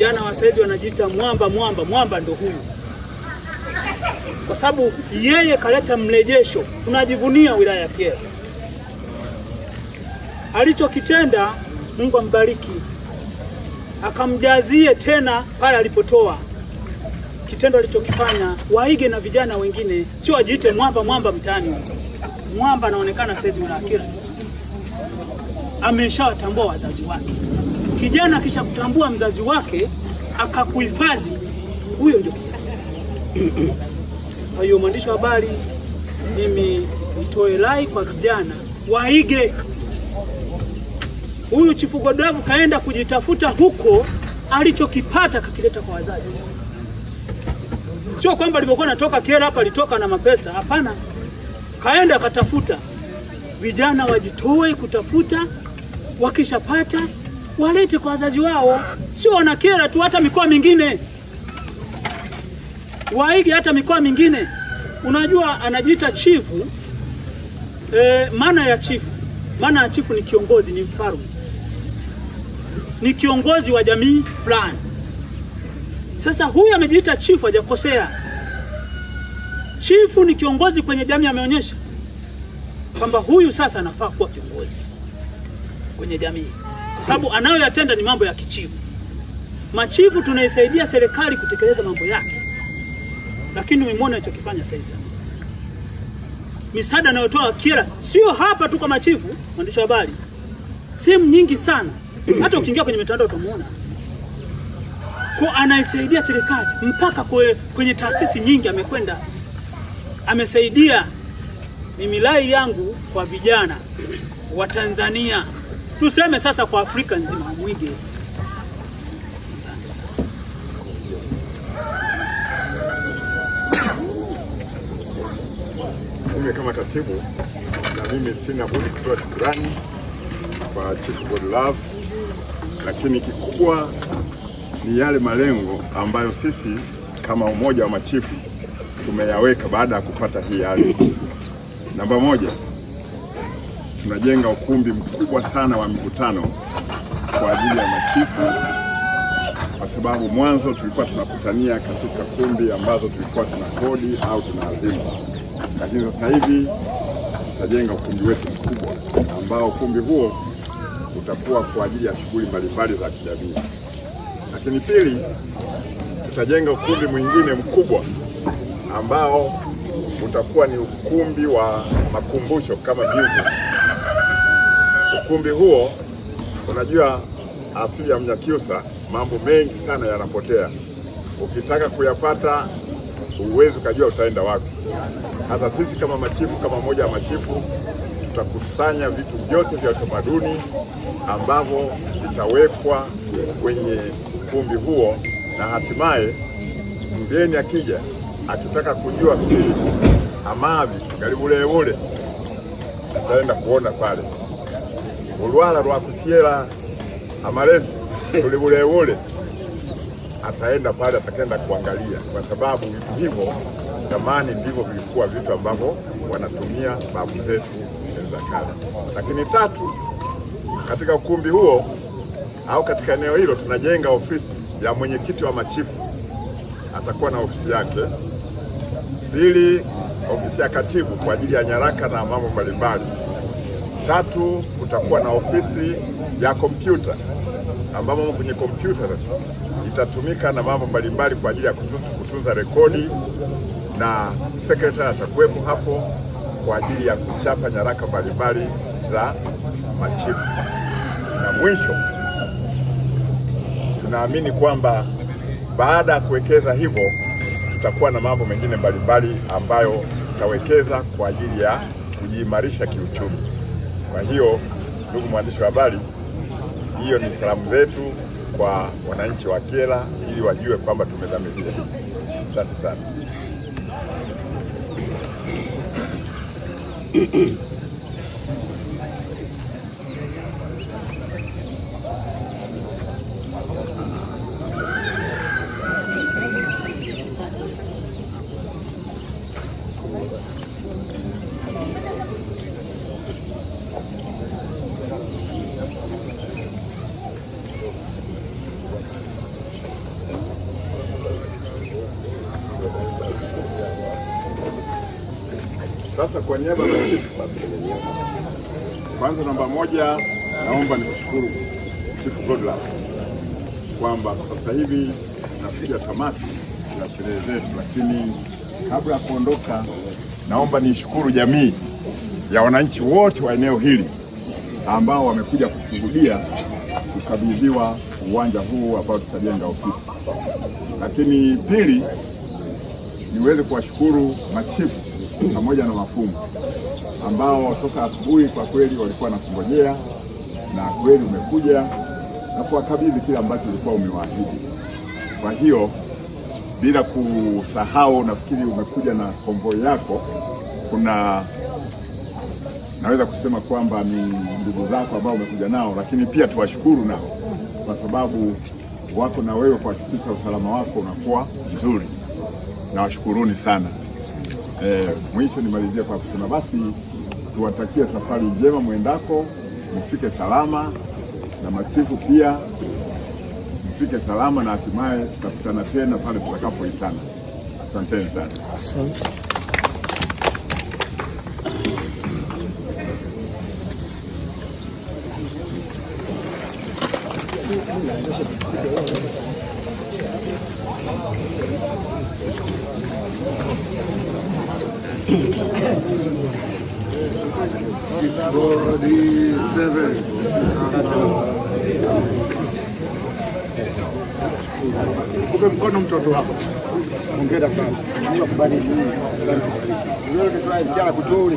vijana wa saizi wanajiita mwamba mwamba mwamba, ndo huyu, kwa sababu yeye kaleta mrejesho. Tunajivunia wilaya ya Kyela alichokitenda. Mungu ambariki, akamjazie tena pale alipotoa. Kitendo alichokifanya waige na vijana wengine, sio wajiite mwamba mwamba mtaani. Mwamba anaonekana saizi una akili, ameshawatambua wazazi wake. Kijana kisha kutambua mzazi wake akakuhifadhi, huyo ndio. Kwa hiyo mwandishi wa habari, mimi nitoe rai kwa vijana waige huyu Chifu Godlove, kaenda kujitafuta huko, alichokipata kakileta kwa wazazi. Sio kwamba alivyokuwa natoka kera hapa alitoka na mapesa, hapana, kaenda katafuta. Vijana wajitoe kutafuta, wakishapata walete kwa wazazi wao, sio wanakera tu, hata mikoa mingine waige, hata mikoa mingine. Unajua anajiita chifu e, eh, maana ya chifu, maana ya chifu ni kiongozi, ni mfalme, ni kiongozi wa jamii fulani. Sasa huyu amejiita chifu, hajakosea. Chifu ni kiongozi kwenye jamii, ameonyesha kwamba huyu sasa anafaa kuwa kiongozi kwenye jamii kwa sababu anayoyatenda ni mambo ya kichifu. Machifu tunaisaidia serikali kutekeleza mambo yake, lakini umemwona alichokifanya sasa Misaada anayotoa kila sio hapa tu kwa machifu, mwandishi wa habari, sehemu nyingi sana, hata ukiingia kwenye mitandao utamuona kwa anaisaidia serikali mpaka kwe, kwenye taasisi nyingi amekwenda, amesaidia. Ni milai yangu kwa vijana wa Tanzania tuseme sasa kwa Afrika nzima mwige. Asante Mimi kama katibu, na mimi sina budi kutoa shukrani kwa Chief Godlove, lakini kikubwa ni yale malengo ambayo sisi kama umoja wa machifu tumeyaweka baada ya kupata hii hali. Namba moja tunajenga ukumbi mkubwa sana wa mikutano kwa ajili ya machifu, kwa sababu mwanzo tulikuwa tunakutania katika kumbi ambazo tulikuwa tunakodi au tunaadhimu, lakini sasa hivi tutajenga ukumbi wetu mkubwa ambao ukumbi huo utakuwa kwa ajili ya shughuli mbalimbali za kijamii. Lakini pili, tutajenga ukumbi mwingine mkubwa ambao utakuwa ni ukumbi wa makumbusho kama juzi ukumbi huo, unajua asili ya Mnyakyusa mambo mengi sana yanapotea. Ukitaka kuyapata uwezi ukajua utaenda wapi. Hasa sisi kama machifu, kama moja wa machifu, tutakusanya vitu vyote vya utamaduni ambavyo vitawekwa kwenye ukumbi huo, na hatimaye mgeni akija akitaka kujua siri Amavi ule ataenda kuona pale lwa kusiela amalesi uliuleule ataenda pale, atakenda kuangalia, kwa sababu vitu hivyo zamani ndivyo vilikuwa vitu ambavyo wanatumia babu zetu za kale. Lakini tatu, katika ukumbi huo au katika eneo hilo tunajenga ofisi ya mwenyekiti wa machifu, atakuwa na ofisi yake. Pili, ofisi ya katibu kwa ajili ya nyaraka na mambo mbalimbali. Tatu, kutakuwa na ofisi ya kompyuta ambamo kwenye kompyuta itatumika na mambo mbalimbali kwa ajili ya kutunza rekodi, na sekretari atakuwepo hapo kwa ajili ya kuchapa nyaraka mbalimbali za machifu. Na mwisho, tunaamini kwamba baada ya kuwekeza hivyo, tutakuwa na mambo mengine mbalimbali ambayo tutawekeza kwa ajili ya kujiimarisha kiuchumi. Kwa hiyo ndugu mwandishi wa habari, hiyo ni salamu zetu kwa wananchi wa Kyela ili wajue kwamba tumedhamiria. Asante sana. Sasa kwa niaba ya chifu, kwanza namba moja, naomba nikushukuru Chifu Godbless kwamba sasa hivi tunapiga tamati ya sherehe zetu, lakini kabla ya kuondoka, naomba niishukuru jamii ya wananchi wote wa eneo hili ambao wamekuja kushuhudia kukabidhiwa uwanja huu ambao tutajenga ofisi. Lakini pili, niweze kuwashukuru machifu pamoja na mafungo ambao toka asubuhi kwa kweli walikuwa nakungojea, na kweli umekuja na kuwakabidhi kile ambacho ulikuwa umewaahidi. Kwa hiyo bila kusahau, nafikiri umekuja na konvoi yako, kuna naweza kusema kwamba ni ndugu zako ambao umekuja nao, lakini pia tuwashukuru nao kwa sababu wako na wewe kuhakikisha usalama wako unakuwa mzuri, na washukuruni sana. Eh, mwisho nimalizia kwa kusema basi tuwatakie safari njema mwendako, mfike salama na machifu pia mfike salama, na hatimaye tutakutana tena pale tutakapoitana. Asanteni sana, asante. Kupe mkono mtoto wako. Hongera sana. Mungu akubariki. Kijana kutuli.